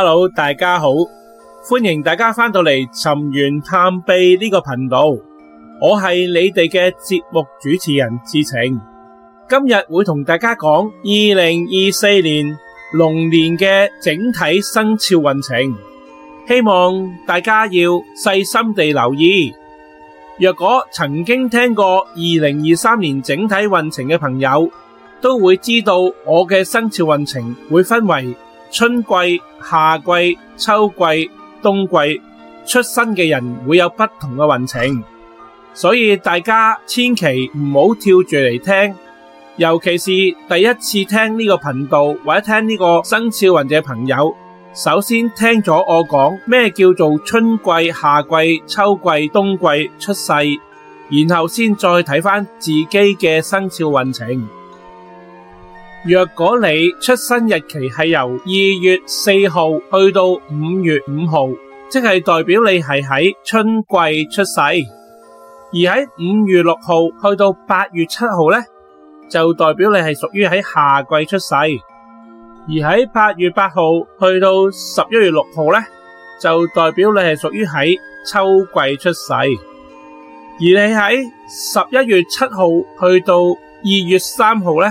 Hello，大家好，歡迎大家翻到嚟尋源探秘呢個頻道，我係你哋嘅節目主持人智澄，今日會同大家講二零二四年龍年嘅整體生肖運程，希望大家要細心地留意。若果曾經聽過二零二三年整體運程嘅朋友，都會知道我嘅生肖運程會分為，春季、夏季、秋季、冬季出生嘅人會有不同嘅運程，所以大家千祈唔好跳住嚟聽，尤其是第一次聽呢個頻道或者聽呢個生肖運嘅朋友，首先聽咗我講咩叫做春季、夏季、秋季、冬季出世，然後先再睇翻自己嘅生肖運程。若果你出生日期係由二月四號去到五月五號，即係代表你係喺春季出世；而喺五月六號去到八月七號咧，就代表你係屬於喺夏季出世；而喺八月八號去到十一月六號咧，就代表你係屬於喺秋季出世；而你喺十一月七號去到二月三號咧。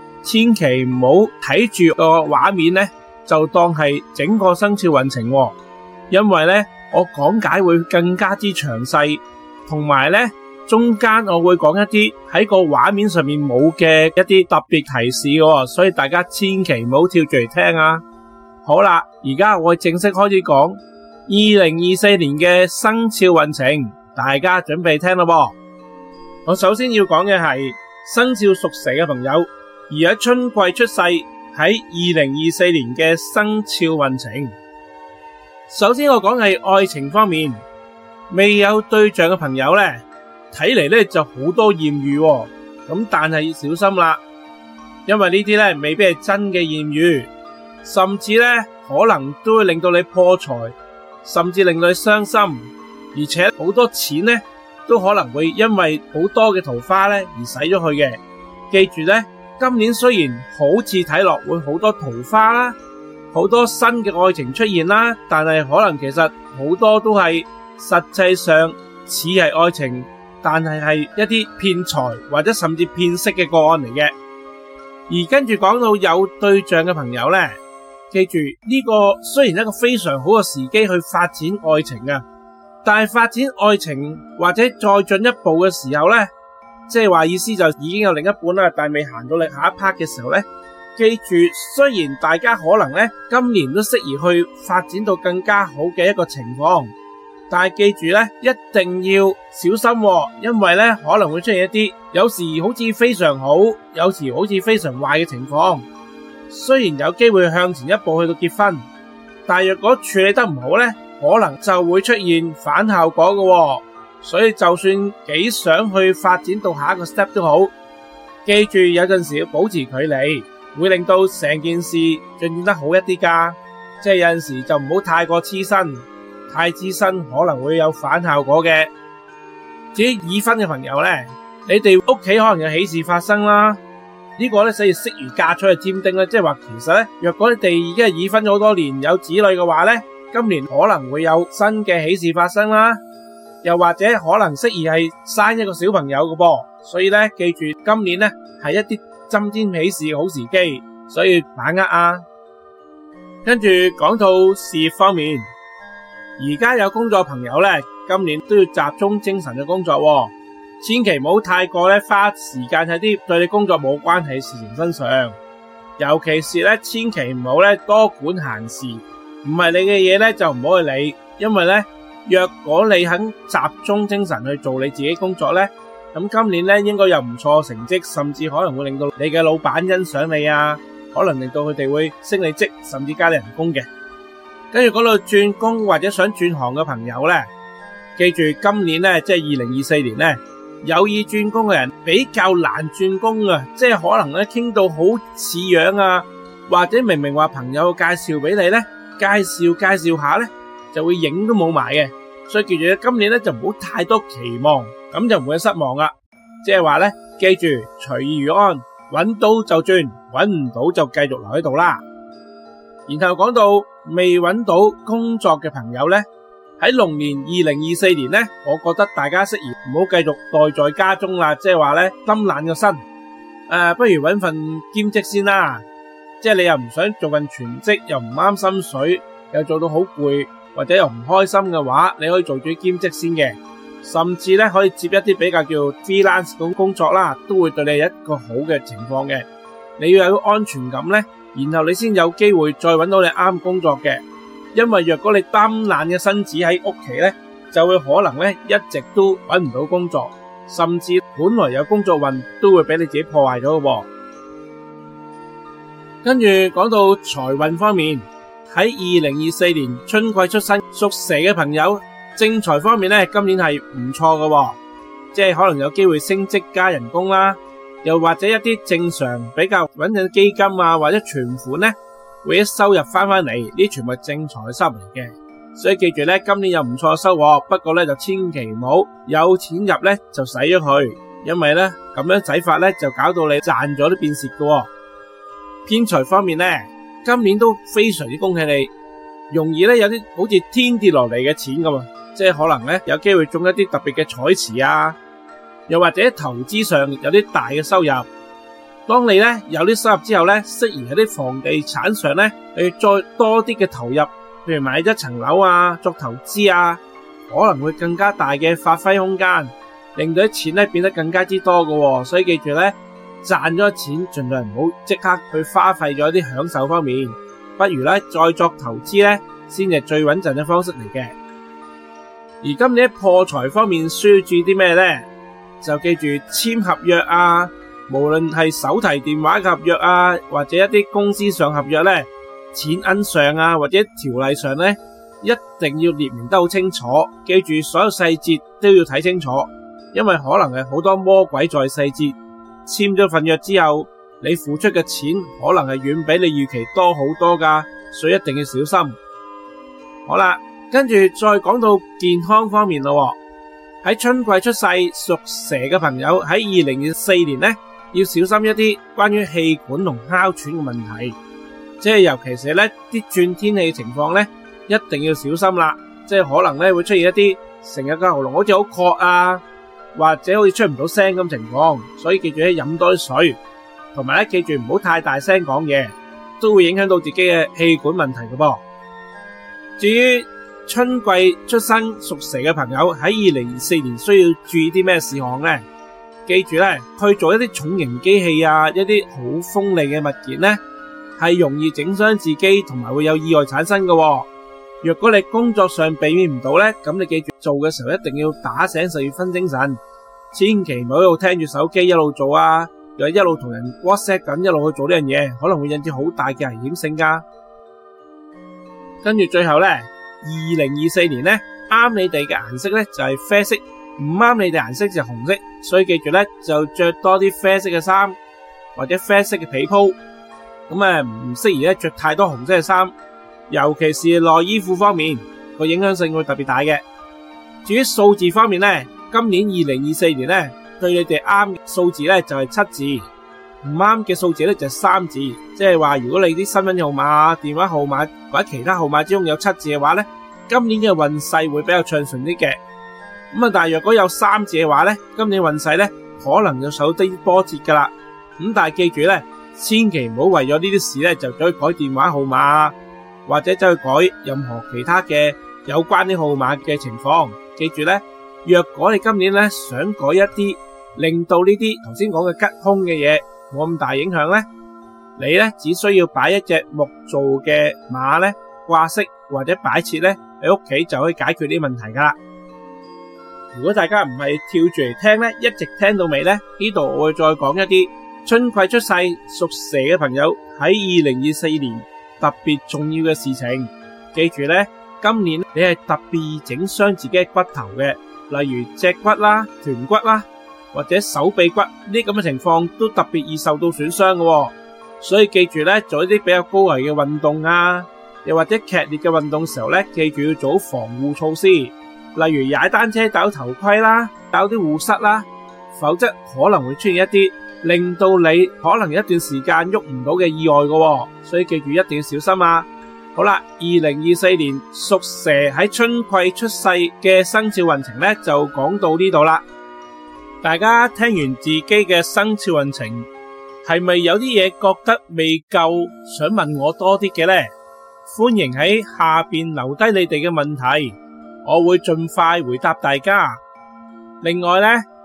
千祈唔好睇住個畫面咧，就當係整個生肖運程，因為咧我講解會更加之詳細，同埋咧中間我會講一啲喺個畫面上面冇嘅一啲特別提示嘅，所以大家千祈唔好跳住嚟聽啊！好啦，而家我正式開始講二零二四年嘅生肖運程，大家準備聽咯噃。我首先要講嘅係生肖屬蛇嘅朋友。而喺春季出世喺二零二四年嘅生肖運程，首先我講係愛情方面，未有對象嘅朋友咧，睇嚟咧就好多艷遇咁，但係要小心啦，因為呢啲咧未必係真嘅艷遇，甚至咧可能都會令到你破財，甚至令你傷心，而且好多錢咧都可能會因為好多嘅桃花咧而使咗去嘅。記住咧。今年雖然好似睇落會好多桃花啦，好多新嘅愛情出現啦，但係可能其實好多都係實際上似係愛情，但係係一啲騙財或者甚至騙色嘅個案嚟嘅。而跟住講到有對象嘅朋友呢，記住呢個雖然一個非常好嘅時機去發展愛情啊，但係發展愛情或者再進一步嘅時候呢。即係話意思就已經有另一半啦，但未行到你下一 part 嘅時候呢。記住雖然大家可能咧今年都適宜去發展到更加好嘅一個情況，但係記住咧一定要小心喎，因為咧可能會出現一啲有時好似非常好，有時好似非常壞嘅情況。雖然有機會向前一步去到結婚，但若果處理得唔好呢，可能就會出現反效果嘅喎。所以就算幾想去發展到下一個 step 都好，記住有陣時要保持距離，會令到成件事進展得好一啲㗎。即係有陣時就唔好太過黐身，太黐身可能會有反效果嘅。至於已婚嘅朋友咧，你哋屋企可能有喜事發生啦。這個、呢個咧，所以適宜嫁出去添丁咧，即係話其實咧，若果你哋已經係已婚咗好多年，有子女嘅話咧，今年可能會有新嘅喜事發生啦。又或者可能適宜係生一個小朋友嘅噃，所以咧記住，今年咧係一啲增添喜事嘅好時機，所以把握啊！跟住講到事業方面，而家有工作朋友咧，今年都要集中精神嘅工作喎，千祈唔好太過咧花時間喺啲對你工作冇關係嘅事情身上，尤其是咧千祈唔好咧多管閒事，唔係你嘅嘢咧，就唔好去理，因為咧。若果你肯集中精神去做你自己工作咧，咁今年咧應該有唔錯成績，甚至可能會令到你嘅老闆欣賞你啊，可能令到佢哋會升你職，甚至加你人工嘅。跟住嗰度轉工或者想轉行嘅朋友咧，記住今年咧即係二零二四年咧，有意轉工嘅人比較難轉工啊，即係可能咧傾到好似樣啊，或者明明話朋友介紹俾你咧，介紹介紹下咧。就會影都冇埋嘅，所以記住今年咧就唔好太多期望，咁就唔會失望啦。即係話咧，記住隨遇而安，搵到就轉，搵唔到就繼續留喺度啦。然後講到未搵到工作嘅朋友咧，喺龍年二零二四年咧，我覺得大家適宜唔好繼續待在家中啦，即係話咧，冧懶個身，誒，不如搵份兼職先啦。即係你又唔想做份全職，又唔啱心水，又做到好攰。或者又唔開心嘅話，你可以做啲兼職先嘅，甚至呢可以接一啲比較叫 freelance 嘅工作啦，都會對你有一個好嘅情況嘅。你要有安全感呢，然後你先有機會再搵到你啱工作嘅。因為若果你擔懶嘅身子喺屋企呢，就會可能呢一直都搵唔到工作，甚至本來有工作運都會俾你自己破壞咗嘅。跟住講到財運方面。喺二零二四年春季出生屬蛇嘅朋友，正財方面咧，今年係唔錯嘅，即係可能有機會升職加人工啦，又或者一啲正常比較穩定嘅基金啊，或者存款咧會一收入翻翻嚟，呢全部係正財收入嚟嘅，所以記住咧，今年有唔錯嘅收穫，不過咧就千祈唔好有錢入咧就使咗佢，因為咧咁樣使法咧就搞到你賺咗啲變蝕嘅。哦，偏財方面咧。今年都非常之恭喜你，容易咧有啲好似天跌落嚟嘅錢咁啊！即係可能咧有機會中一啲特別嘅彩池啊，又或者投資上有啲大嘅收入。當你咧有啲收入之後咧，適宜喺啲房地產上咧去再多啲嘅投入，譬如買一層樓啊，作投資啊，可能會更加大嘅發揮空間，令到啲錢咧變得更加之多噶。所以記住咧。賺咗錢，盡量唔好即刻去花費咗啲享受方面，不如咧再作投資咧，先係最穩陣嘅方式嚟嘅。而今年破財方面需要注意啲咩咧？就記住簽合約啊，無論係手提電話合約啊，或者一啲公司上合約咧，錢銀上啊，或者條例上咧，一定要列明得好清楚，記住所有細節都要睇清楚，因為可能係好多魔鬼在細節。簽咗份約之後，你付出嘅錢可能係遠比你預期多好多噶，所以一定要小心。好啦，跟住再講到健康方面咯。喺春季出世屬蛇嘅朋友喺二零二四年呢，要小心一啲關於氣管同哮喘嘅問題。即係尤其是咧啲轉天氣情況咧，一定要小心啦。即係可能咧會出現一啲成日個喉嚨好似好咳啊。或者好似出唔到聲咁情況，所以記住咧飲多啲水，同埋咧記住唔好太大聲講嘢，都會影響到自己嘅氣管問題嘅噃。至於春季出生屬蛇嘅朋友喺二零二四年需要注意啲咩事項咧？記住咧去做一啲重型機器啊，一啲好鋒利嘅物件咧，係容易整傷自己，同埋會有意外產生嘅喎。如果你工作上避免唔到咧，咁你記住做嘅時候一定要打醒十二分精神，千祈唔好一路聽住手機一路做啊！又一路同人 WhatsApp 咁，一路去做呢樣嘢，可能會引致好大嘅危險性噶。跟住最後咧，二零二四年咧，啱你哋嘅顏色咧就係啡色，唔啱你哋顏色就係紅色，所以記住咧就着多啲啡色嘅衫或者啡色嘅被鋪，咁啊唔適宜咧着太多紅色嘅衫。尤其是內衣褲方面，個影響性會特別大嘅。至於數字方面咧，今年二零二四年咧，對你哋啱嘅數字咧就係七字，唔啱嘅數字咧就係三字。即係話，如果你啲身份證號碼、電話號碼或者其他號碼之中有七字嘅話咧，今年嘅運勢會比較暢順啲嘅。咁啊，但係若果有三字嘅話咧，今年運勢咧可能就受啲波折噶啦。咁但係記住咧，千祈唔好為咗呢啲事咧就再改電話號碼。或者走去改任何其他嘅有關啲號碼嘅情況，記住呢，若果你今年呢想改一啲令到呢啲頭先講嘅吉凶嘅嘢冇咁大影響呢，你呢只需要擺一隻木做嘅馬呢掛飾或者擺設呢喺屋企就可以解決啲問題噶啦。如果大家唔係跳住嚟聽呢，一直聽到尾呢，呢度我會再講一啲春季出世屬蛇嘅朋友喺二零二四年特別重要嘅事情，記住咧，今年你係特別易整傷自己嘅骨頭嘅，例如脊骨啦、臀骨啦，或者手臂骨呢咁嘅情況都特別易受到損傷嘅。所以記住咧，做一啲比較高危嘅運動啊，又或者劇烈嘅運動時候咧，記住要做好防護措施，例如踩單車，戴頭盔啦，戴啲護膝啦，否則可能會出現一啲。令到你可能有一段時間喐唔到嘅意外嘅喎，所以記住一定要小心啊！好啦，二零二四年屬蛇喺春季出世嘅生肖運程咧，就講到呢度啦。大家聽完自己嘅生肖運程，係咪有啲嘢覺得未夠，想問我多啲嘅呢？歡迎喺下邊留低你哋嘅問題，我會盡快回答大家。另外呢。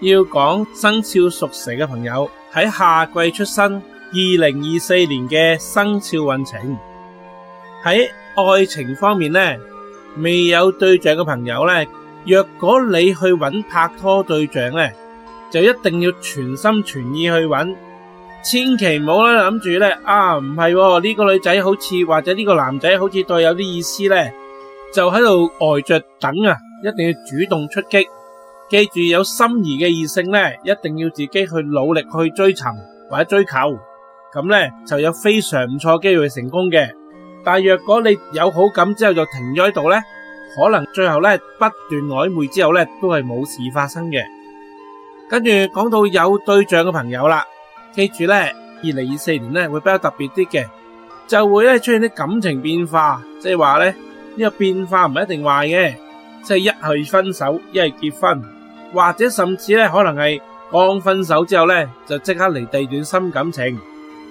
要講生肖屬蛇嘅朋友喺夏季出生，二零二四年嘅生肖運程喺愛情方面咧，未有對象嘅朋友咧，若果你去揾拍拖對象咧，就一定要全心全意去揾，千祈唔好咧諗住咧啊，唔係呢個女仔好似或者呢個男仔好似對有啲意思咧，就喺度呆着等啊，一定要主動出擊。記住有心儀嘅異性咧，一定要自己去努力去追尋或者追求，咁咧就有非常唔錯機會成功嘅。但若果你有好感之後就停咗喺度咧，可能最後咧不斷曖昧之後咧都係冇事發生嘅。跟住講到有對象嘅朋友啦，記住咧，二零二四年咧會比較特別啲嘅，就會咧出現啲感情變化，即係話咧呢個變化唔一定壞嘅，即係一係分手，一係結婚。或者甚至咧，可能係剛分手之後咧，就即刻嚟第二段新感情，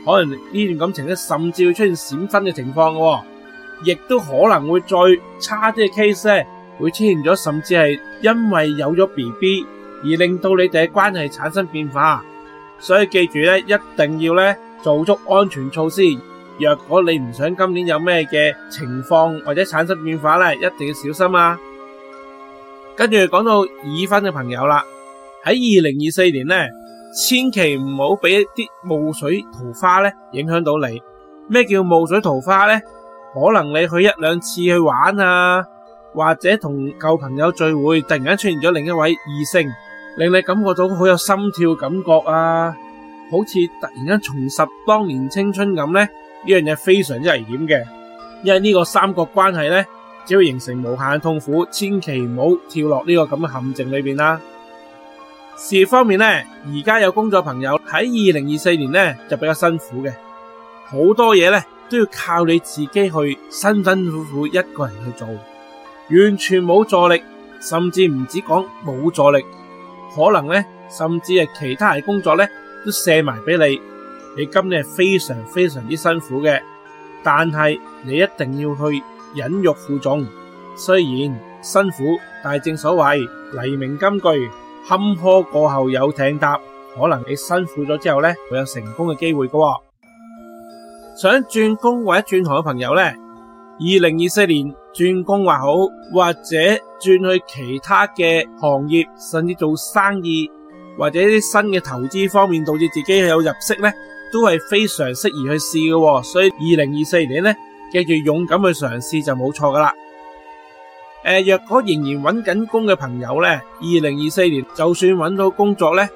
可能呢段感情咧，甚至會出現閃婚嘅情況嘅。哦，亦都可能會再差啲嘅 case 咧，會出現咗甚至係因為有咗 BB 而令到你哋嘅關係產生變化，所以記住咧，一定要咧做足安全措施，若果你唔想今年有咩嘅情況或者產生變化咧，一定要小心啊！跟住講到已婚嘅朋友啦，喺二零二四年咧，千祈唔好俾一啲霧水桃花咧影響到你。咩叫霧水桃花咧？可能你去一兩次去玩啊，或者同舊朋友聚會，突然間出現咗另一位異性，令你感覺到好有心跳感覺啊，好似突然間重拾當年青春咁咧。呢樣嘢非常之危險嘅，因為呢個三角關係咧。只要形成無限痛苦，千祈唔好跳落呢個咁嘅陷阱裏邊啦。事業方面呢，而家有工作朋友喺二零二四年呢就比較辛苦嘅，好多嘢呢都要靠你自己去辛辛苦苦一個人去做，完全冇助力，甚至唔止講冇助力，可能呢，甚至係其他嘅工作呢都卸埋俾你，你今年非常非常之辛苦嘅，但係你一定要去。忍辱負重，雖然辛苦，但正所謂黎明金句，坎坷過後有艇搭，可能你辛苦咗之後咧會有成功嘅機會嘅。想轉工或者轉行嘅朋友咧，2024年轉工還好，或者轉去其他嘅行業，甚至做生意或者啲新嘅投資方面導致自己有入息咧，都係非常適宜去試嘅。所以2024年咧。記住勇敢去嘗試就冇錯噶啦。誒，若果仍然揾緊工嘅朋友呢，二零二四年就算揾到工作呢，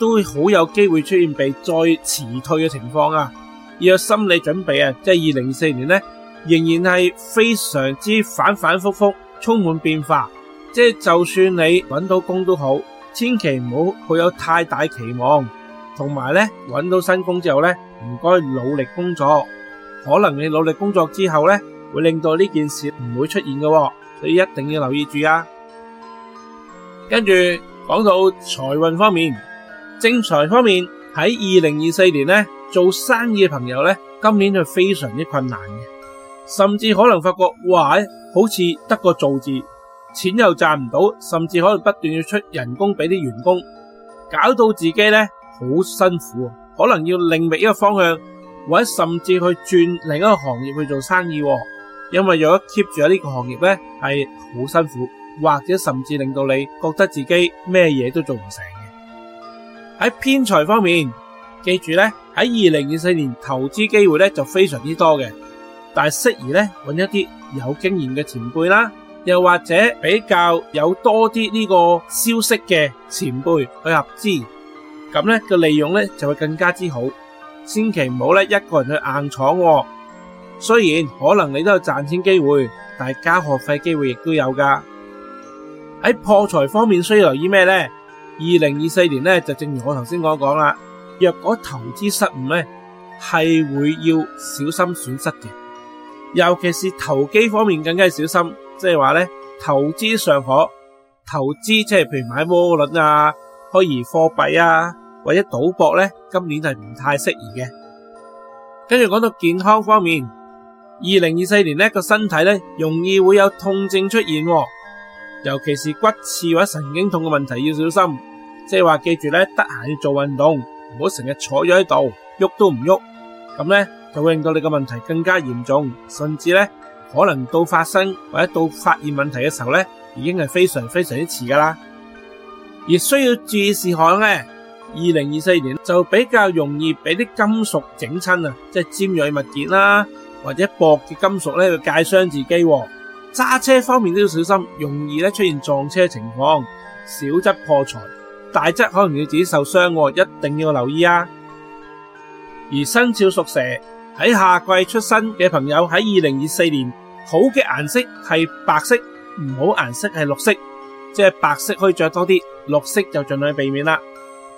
都會好有機會出現被再辭退嘅情況啊！要有心理準備啊，即係二零二四年呢，仍然係非常之反反复复，充滿變化。即係就算你揾到工都好，千祈唔好抱有太大期望。同埋呢，揾到新工之後呢，唔該努力工作。可能你努力工作之後咧，會令到呢件事唔會出現㗎喎，所以一定要留意住啊！跟住講到財運方面，正財方面喺二零二四年咧，做生意嘅朋友咧，今年就非常之困難嘅，甚至可能發覺哇，好似得個做字，錢又賺唔到，甚至可能不斷要出人工俾啲員工，搞到自己咧好辛苦，可能要另覓一個方向。或者甚至去轉另一個行業去做生意喎，因為如果 keep 住喺呢個行業咧，係好辛苦，或者甚至令到你覺得自己咩嘢都做唔成嘅。喺偏財方面，記住咧，喺二零二四年投資機會咧就非常之多嘅，但係適宜咧揾，一啲有經驗嘅前輩啦，又或者比較有多啲呢個消息嘅前輩去合資，咁咧個利用咧就會更加之好。千祈唔好咧，一個人去硬闖喎。雖然可能你都有賺錢機會，但係交學費機會亦都有噶。喺破財方面，需要留意咩呢？二零二四年咧，就正如我頭先所講啦，若果投資失誤咧，係會要小心損失嘅。尤其是投機方面，更加小心。即係話咧，投資上可，投資即係譬如買窩輪啊，虛擬貨幣啊。或者賭博咧，今年係唔太適宜嘅。跟住講到健康方面，二零二四年咧，個身體咧容易會有痛症出現，哦，尤其是骨刺或者神經痛嘅問題要小心。即係話記住咧，得閒要做運動，唔好成日坐咗喺度，喐都唔喐，咁咧就會令到你嘅問題更加嚴重，甚至咧可能到發生或者到發現問題嘅時候咧，已經係非常非常之遲噶啦。而需要注意事項咧，二零二四年就比較容易俾啲金屬整親啊，即係尖銳物件啦，或者薄嘅金屬咧，就介傷自己。揸車方面都要小心，容易咧出現撞車情況，小則破財，大則可能要自己受傷。我一定要留意啊。而生肖屬蛇喺夏季出生嘅朋友喺二零二四年好嘅顏色係白色，唔好顏色係綠色，即係白色可以着多啲，綠色就盡量避免啦。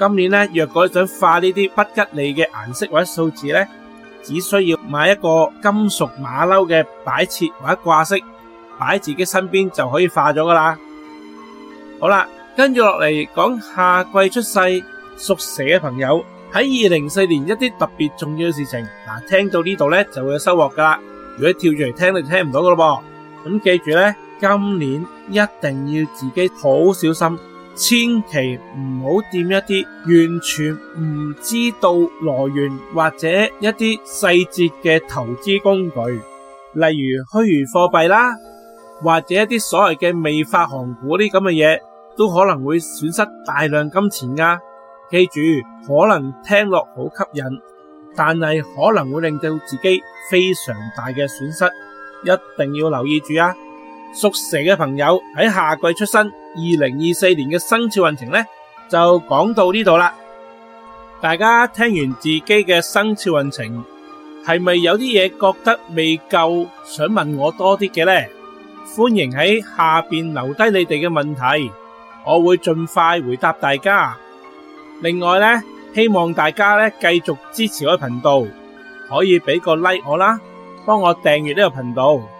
今年咧，若果想化呢啲不吉利嘅顏色或者數字咧，只需要買一個金屬馬騮嘅擺設或者掛飾，擺喺自己身邊就可以化咗噶啦。好啦，跟住落嚟講夏季出世屬蛇嘅朋友，喺二零四年一啲特別重要嘅事情，嗱，聽到呢度咧就會有收穫噶啦。如果跳出嚟聽，你聽唔到噶咯噃。咁記住咧，今年一定要自己好小心。千祈唔好掂一啲完全唔知道來源或者一啲細節嘅投資工具，例如虛擬貨幣啦，或者一啲所謂嘅未發行股呢咁嘅嘢，都可能會損失大量金錢啊！記住，可能聽落好吸引，但係可能會令到自己非常大嘅損失，一定要留意住啊！屬蛇嘅朋友喺夏季出生，二零二四年嘅生肖運程呢就講到呢度啦。大家聽完自己嘅生肖運程，係咪有啲嘢覺得未夠，想問我多啲嘅呢？歡迎喺下面留低你哋嘅問題，我會盡快回答大家。另外呢，希望大家呢繼續支持我嘅頻道，可以俾個 like 我啦，幫我訂閱呢個頻道。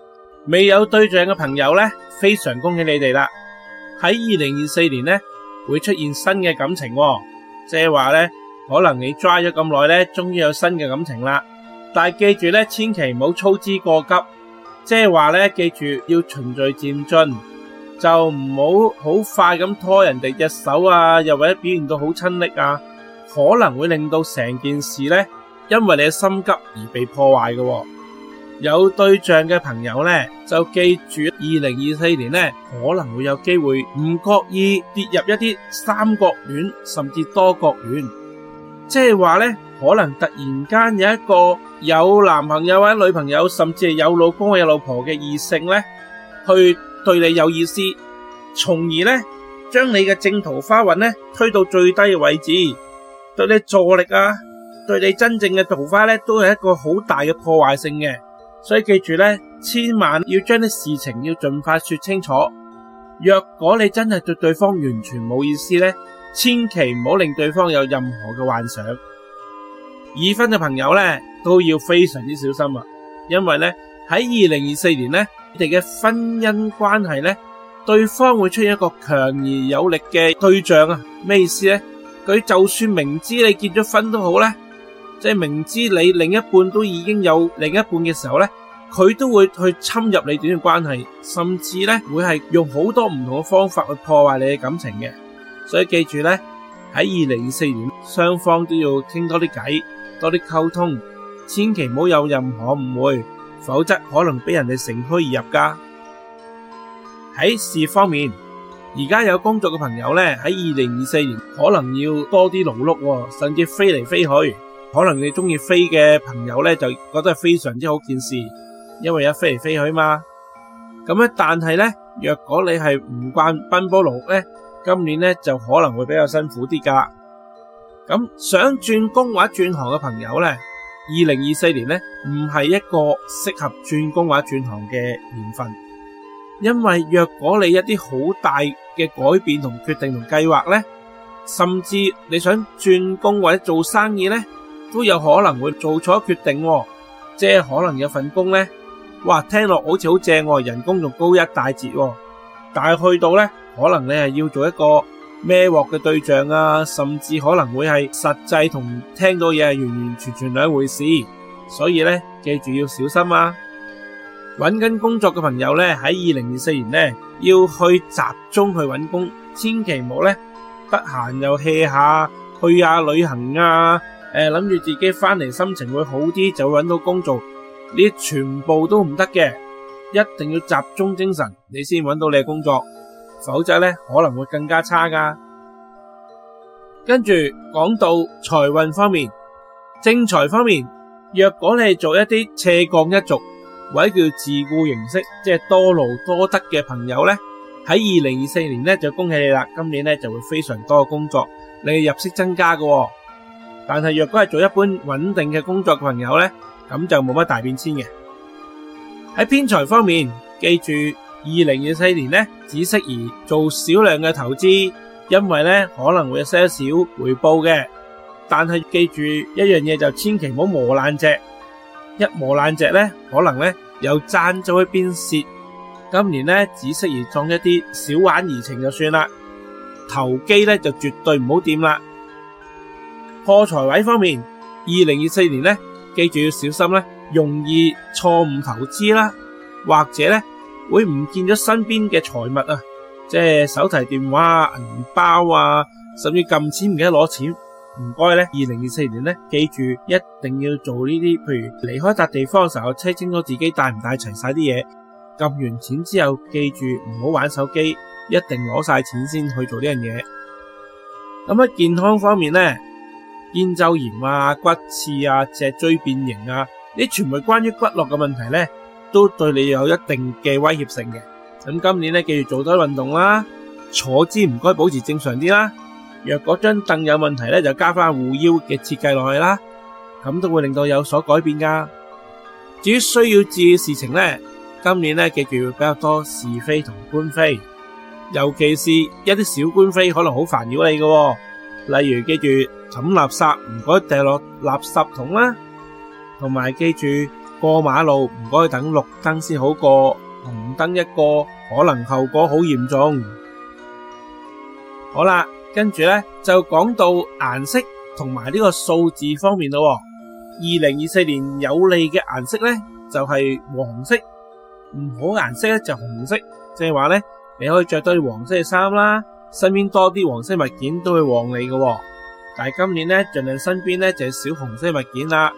未有對象嘅朋友呢，非常恭喜你哋啦！喺二零二四年呢，會出現新嘅感情喎，即係話呢，可能你抓咗咁耐呢，終於有新嘅感情啦。但係記住呢，千祈唔好操之過急，即係話呢，記住要循序漸進，就唔好好快咁拖人哋隻手啊，又或者表現到好親昵啊，可能會令到成件事呢，因為你嘅心急而被破壞嘅喎。有對象嘅朋友呢，就記住二零二四年呢，可能會有機會唔覺意跌入一啲三角戀，甚至多角戀。即係話呢，可能突然間有一個有男朋友或者女朋友，甚至係有老公有老婆嘅異性呢，去對，對你有意思，從而呢，將你嘅正桃花運呢，推到最低嘅位置，對你助力啊，對你真正嘅桃花呢，都係一個好大嘅破壞性嘅。所以記住咧，千萬要將啲事情要盡快說清楚。若果你真係對對方完全冇意思咧，千祈唔好令對方有任何嘅幻想。已婚嘅朋友咧都要非常之小心啊，因為咧喺二零二四年咧，你哋嘅婚姻關係咧，對方會出現一個強而有力嘅對象啊。咩意思咧？佢就算明知你結咗婚都好咧。即係明知你另一半都已經有另一半嘅時候咧，佢都會去侵入你段關係，甚至咧會係用好多唔同嘅方法去破壞你嘅感情嘅。所以記住咧，喺二零二四年，雙方都要傾多啲偈，多啲溝通，千祈唔好有任何誤會，否則可能俾人哋乘虛而入㗎。喺事業方面，而家有工作嘅朋友咧，喺二零二四年可能要多啲勞碌，甚至飛嚟飛去。可能你中意飛嘅朋友呢，就覺得非常之好件事，因為有飛嚟飛去嘛。咁咧，但係呢，若果你係唔慣奔波勞呢，今年呢就可能會比較辛苦啲噶。咁、嗯、想轉工或者轉行嘅朋友呢，二零二四年呢，唔係一個適合轉工或者轉行嘅年份，因為若果你一啲好大嘅改變同決定同計劃呢，甚至你想轉工或者做生意呢。都有可能會做錯決定，即係可能有份工咧，哇，聽落好似好正喎，人工仲高一大截，但係去到咧，可能你係要做一個孭鑊嘅對象啊，甚至可能會係實際同聽到嘢係完完全全兩回事，所以咧記住要小心啊！搵緊工作嘅朋友咧喺二零二四年咧要去集中去搵工，千祈唔好咧得閒又 hea 下，去下旅行啊！誒，諗住自己翻嚟心情會好啲，就揾到工做，你全部都唔得嘅，一定要集中精神，你先揾到你嘅工作，否則咧可能會更加差噶。跟住講到財運方面，正財方面，若果你係做一啲斜槓一族，或者叫自雇形式，即係多勞多得嘅朋友咧，喺二零二四年咧就恭喜你啦，今年咧就會非常多嘅工作，令你入息增加嘅、哦。但係若果係做一般穩定嘅工作嘅朋友咧，咁就冇乜大變遷嘅。喺偏財方面，記住二零二四年咧只適宜做少量嘅投資，因為咧可能會有少少回報嘅。但係記住一樣嘢就千祈唔好磨爛只，一磨爛只咧可能咧又賺咗會變蝕。今年咧只適宜做一啲小玩怡情就算啦，投機咧就絕對唔好掂啦。破財位方面，二零二四年咧，記住要小心咧，容易錯誤投資啦，或者咧會唔見咗身邊嘅財物啊，即係手提電話、銀包啊，甚至撳錢唔記得攞錢，唔該咧。二零二四年咧，記住一定要做呢啲，譬如離開笪地方嘅時候，check 清楚自己帶唔帶齊晒啲嘢，撳完錢之後，記住唔好玩手機，一定攞晒錢先去做呢樣嘢。咁喺健康方面咧。肩周炎啊、骨刺啊、脊椎變形啊，呢，全部關於骨骼嘅問題咧，都對你有一定嘅威脅性嘅。咁今年咧，記住做多啲運動啦，坐姿唔該保持正常啲啦。若果張凳有問題咧，就加翻護腰嘅設計落去啦，咁都會令到有所改變噶。至於需要注意嘅事情咧，今年咧記住會比較多是非同官非，尤其是一啲小官非可能好煩擾你嘅，例如記住。抌垃圾唔該，掟落垃圾桶啦。同埋記住過馬路唔該等綠燈先好過，紅燈一過可能後果好嚴重。好啦，跟住咧就講到顏色同埋呢個數字方面咯。二零二四年有利嘅顏色咧就係黃色，唔好顏色咧就紅色。即係話咧，你可以着多啲黃色嘅衫啦，身邊多啲黃色物件都會旺你嘅。但係今年咧，盡量身邊咧就係少紅色物件啦，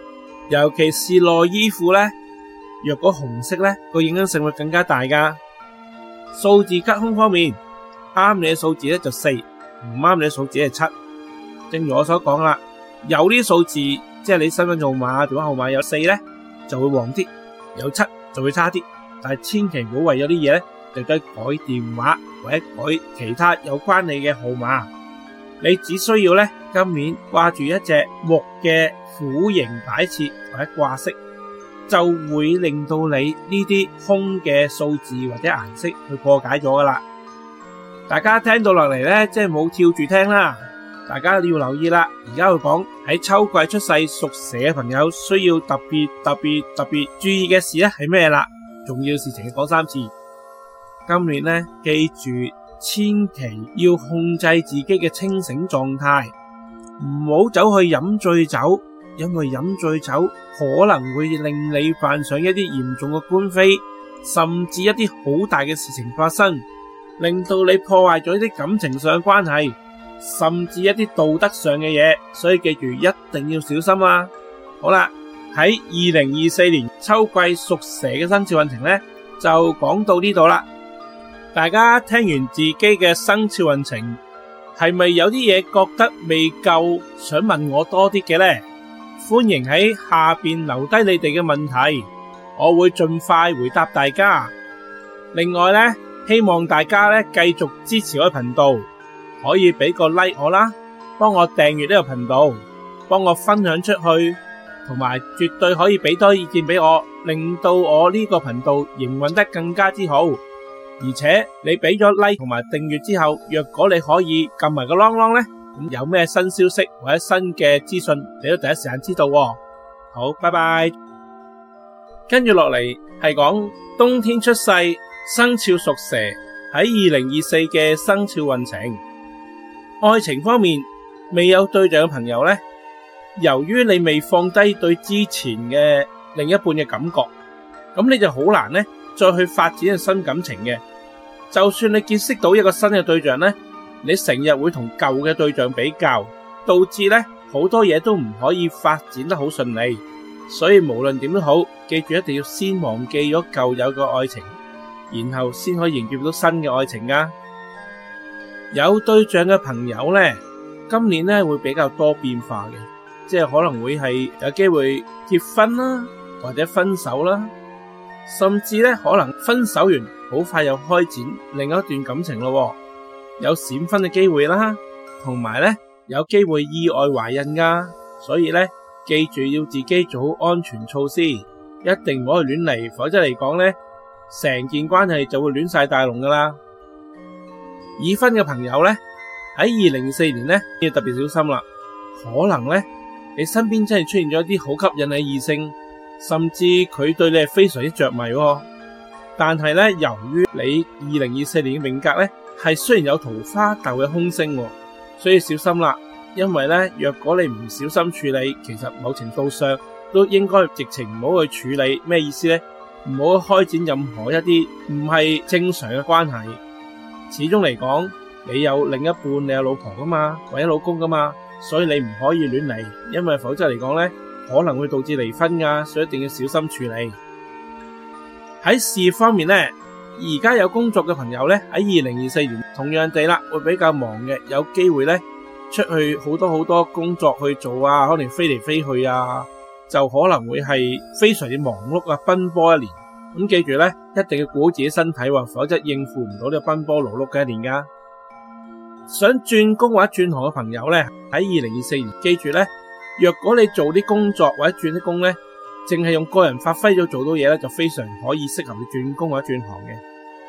尤其是內衣褲咧。若果紅色咧，個影響性會更加大噶。數字吉凶方面，啱你嘅數字咧就四，唔啱你嘅數字係七。正如我所講啦，有呢啲數字，即係你身份證號碼、電話號碼有四咧，就會旺啲；有七就會差啲。但係千祈唔好為咗啲嘢咧，就梗改電話，或者改其他有關你嘅號碼。你只需要咧今年掛住一隻木嘅虎形擺設或者掛飾，就會令到你呢啲空嘅數字或者顏色去破解咗㗎啦。大家聽到落嚟咧，即係冇跳住聽啦，大家都要留意啦。而家我講喺秋季出世屬蛇嘅朋友需要特別特別特別注意嘅事咧係咩啦？重要事情講三次，今年咧記住。千祈要控制自己嘅清醒狀態，唔好走去飲醉酒，因為飲醉酒可能會令你犯上一啲嚴重嘅官非，甚至一啲好大嘅事情發生，令到你破壞咗一啲感情上嘅關係，甚至一啲道德上嘅嘢。所以記住，一定要小心啊！好啦，喺二零二四年秋季屬蛇嘅生肖運程呢，就講到呢度啦。大家聽完自己嘅生肖運程，係咪有啲嘢覺得未夠，想問我多啲嘅呢？歡迎喺下面留低你哋嘅問題，我會盡快回答大家。另外呢，希望大家呢繼續支持我嘅頻道，可以俾個 like 我啦，幫我訂閱呢個頻道，幫我分享出去，同埋絕對可以俾多意見俾我，令到我呢個頻道營運得更加之好。而且你俾咗 like 同埋訂閱之後，若果你可以撳埋個啷啷咧，咁有咩新消息或者新嘅資訊，你都第一時間知道喎。好，拜拜。跟住落嚟係講冬天出世生肖屬蛇喺二零二四嘅生肖運程。愛情方面未有對象嘅朋友咧，由於你未放低對之前嘅另一半嘅感覺，咁你就好難咧。再去發展新感情嘅，就算你結識到一個新嘅對象呢，你成日會同舊嘅對象比較，導致呢好多嘢都唔可以發展得好順利。所以無論點都好，記住一定要先忘記咗舊有嘅愛情，然後先可以迎接到新嘅愛情啊！有對象嘅朋友呢，今年呢會比較多變化嘅，即係可能會係有機會結婚啦，或者分手啦。甚至咧，可能分手完好快又開展另一段感情咯，有閃婚嘅機會啦，同埋咧，有機會意外懷孕噶所以咧，記住要自己做好安全措施，一定唔可以亂嚟，否則嚟講咧，成件關係就會亂晒大龍噶啦。已婚嘅朋友咧，喺二零二四年咧，要特別小心啦，可能咧，你身邊真係出現咗一啲好吸引你嘅異性。甚至佢對你係非常之着迷，但係咧，由於你二零二四年嘅命格咧係雖然有桃花，但會空升，所以小心啦。因為咧，若果你唔小心處理，其實某程度上都應該直情唔好去處理。咩意思咧？唔好開展任何一啲唔係正常嘅關係。始終嚟講，你有另一半，你有老婆噶嘛，或者老公噶嘛，所以你唔可以亂嚟，因為否則嚟講咧。可能會導致離婚噶，所以一定要小心處理。喺事業方面呢，而家有工作嘅朋友呢，喺二零二四年同樣地啦，會比較忙嘅，有機會呢，出去好多好多工作去做啊，可能飛嚟飛去啊，就可能會係非常之忙碌啊，奔波一年。咁記住呢，一定要顧好自己身體喎，否則應付唔到呢個奔波勞碌嘅一年噶。想轉工或者轉行嘅朋友呢，喺二零二四年記住呢。若果你做啲工作或者轉啲工呢，淨係用個人發揮咗做到嘢呢，就非常可以適合你轉工或者轉行嘅。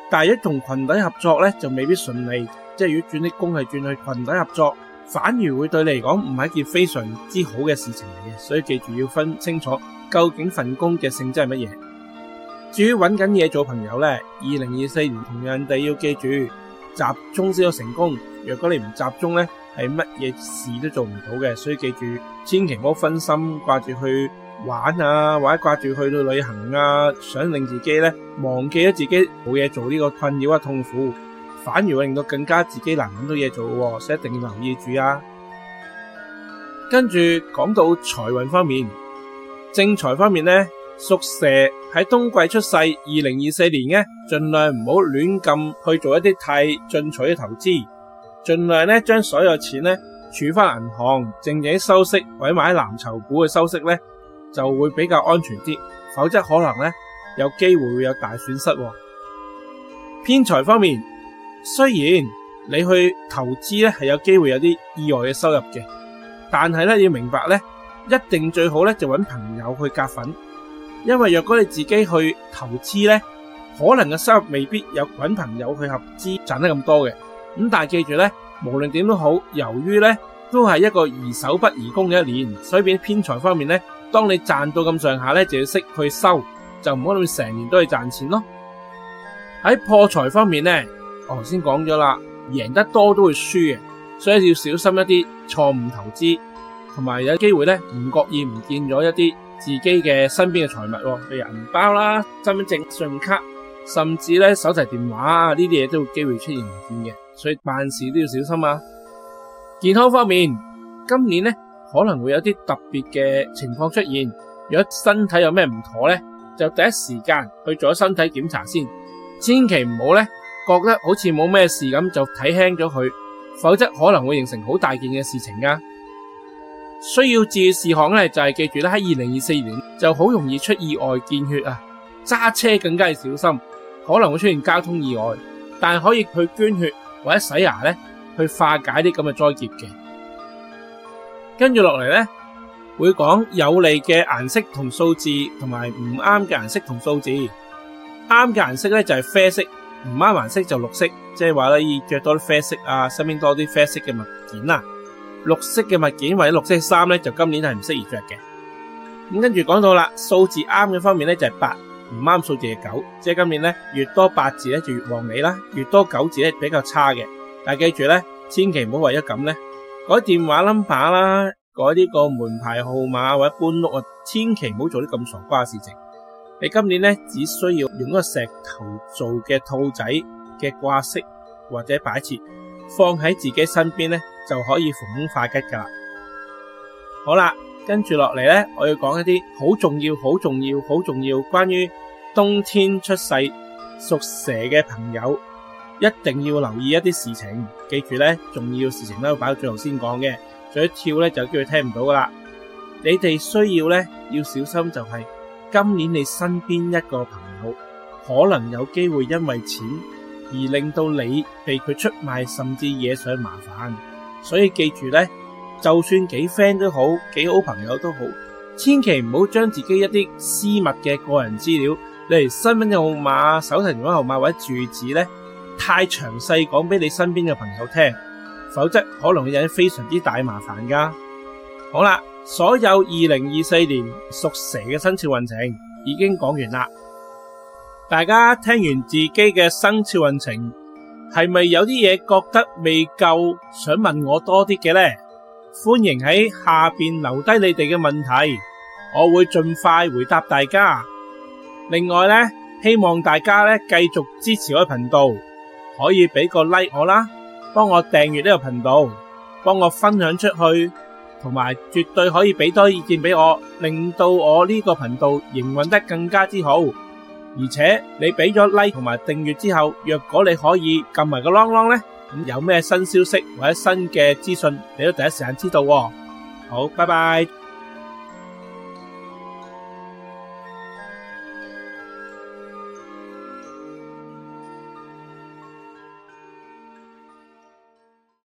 但係一同群體合作呢，就未必順利。即係如果轉啲工係轉去群體合作，反而會對你嚟講唔係一件非常之好嘅事情嚟嘅。所以記住要分清楚，究竟份工嘅性質係乜嘢。至於揾緊嘢做朋友呢，二零二四年同樣地要記住，集中先有成功。若果你唔集中呢。係乜嘢事都做唔到嘅，所以記住千祈唔好分心，掛住去玩啊，或者掛住去到旅行啊，想令自己呢，忘記咗自己冇嘢做呢個困擾啊，痛苦，反而會令到更加自己難揾到嘢做喎、啊，所以一定要留意住啊！跟住講到財運方面，正財方面呢，屬蛇喺冬季出世，二零二四年呢，盡量唔好亂咁去做一啲太進取嘅投資。盡量咧將所有錢咧儲翻銀行，靜靜收息，或者買啲藍籌股去收息咧就會比較安全啲。否則可能咧有機會會有大損失。偏財方面，雖然你去投資咧係有機會有啲意外嘅收入嘅，但係咧要明白咧，一定最好咧就揾朋友去夾份，因為若果你自己去投資咧，可能嘅收入未必有揾朋友去合資賺得咁多嘅。咁但係記住咧，無論點都好，由於咧都係一個宜守不宜攻嘅一年，所以喺偏財方面咧，當你賺到咁上下咧，就要識去收，就唔可能住成年都去賺錢咯。喺破財方面咧，我頭先講咗啦，贏得多都會輸嘅，所以要小心一啲錯誤投資，同埋有機會咧唔覺意唔見咗一啲自己嘅身邊嘅財物，譬如銀包啦、身份證、信用卡，甚至咧手提電話啊呢啲嘢，都會機會出現唔見嘅。所以辦事都要小心啊！健康方面，今年呢可能會有啲特別嘅情況出現。如果身體有咩唔妥呢，就第一時間去做身體檢查先，千祈唔好呢覺得好似冇咩事咁就睇輕咗佢，否則可能會形成好大件嘅事情啊！需要注意事項呢就係記住啦，喺二零二四年就好容易出意外見血啊！揸車更加係小心，可能會出現交通意外，但可以去捐血。或者洗牙咧，去化解啲咁嘅災劫嘅。跟住落嚟咧，會講有利嘅顏色同數字，同埋唔啱嘅顏色同數字。啱嘅顏色咧就係啡色，唔啱顏色就綠色。即係話咧，要着多啲啡色啊，身邊多啲啡色嘅物件啦。綠色嘅物件或者綠色衫咧，就今年係唔適宜着嘅。咁跟住講到啦，數字啱嘅方面咧就係八。唔啱數字嘅九，即係今年咧，越多八字咧就越旺你啦，越多九字咧比較差嘅。但係記住咧，千祈唔好為咗咁咧，改電話 number 啦，改呢個門牌號碼或者搬屋啊，千祈唔好做啲咁傻瓜嘅事情。你今年咧，只需要用一個石頭做嘅兔仔嘅掛飾或者擺設，放喺自己身邊咧就可以逢凶化吉噶啦。好啦，跟住落嚟，咧，我要講一啲好重要、好重要、好重要關於。冬天出世屬蛇嘅朋友一定要留意一啲事情，記住呢，重要事情都要擺到最後先講嘅，再跳呢，就叫佢聽唔到噶啦。你哋需要呢，要小心就係、是、今年你身邊一個朋友可能有機會因為錢而令到你被佢出賣，甚至惹上麻煩。所以記住呢，就算幾 friend 都好，幾好朋友都好，千祈唔好將自己一啲私密嘅個人資料。嚟，身份證號碼、手提電話號碼或者住址咧，太詳細講俾你身邊嘅朋友聽，否則可能會引起非常之大麻煩噶。好啦，所有二零二四年屬蛇嘅生肖運程已經講完啦。大家聽完自己嘅生肖運程，係咪有啲嘢覺得未夠，想問我多啲嘅咧？歡迎喺下面留低你哋嘅問題，我會盡快回答大家。另外咧，希望大家咧繼續支持我嘅頻道，可以俾個 like 我啦，幫我訂閱呢個頻道，幫我分享出去，同埋絕對可以俾多意見俾我，令到我呢個頻道營運得更加之好。而且你俾咗 like 同埋訂閱之後，若果你可以撳埋個啷啷咧，咁有咩新消息或者新嘅資訊，你都第一時間知道喎、哦。好，拜拜。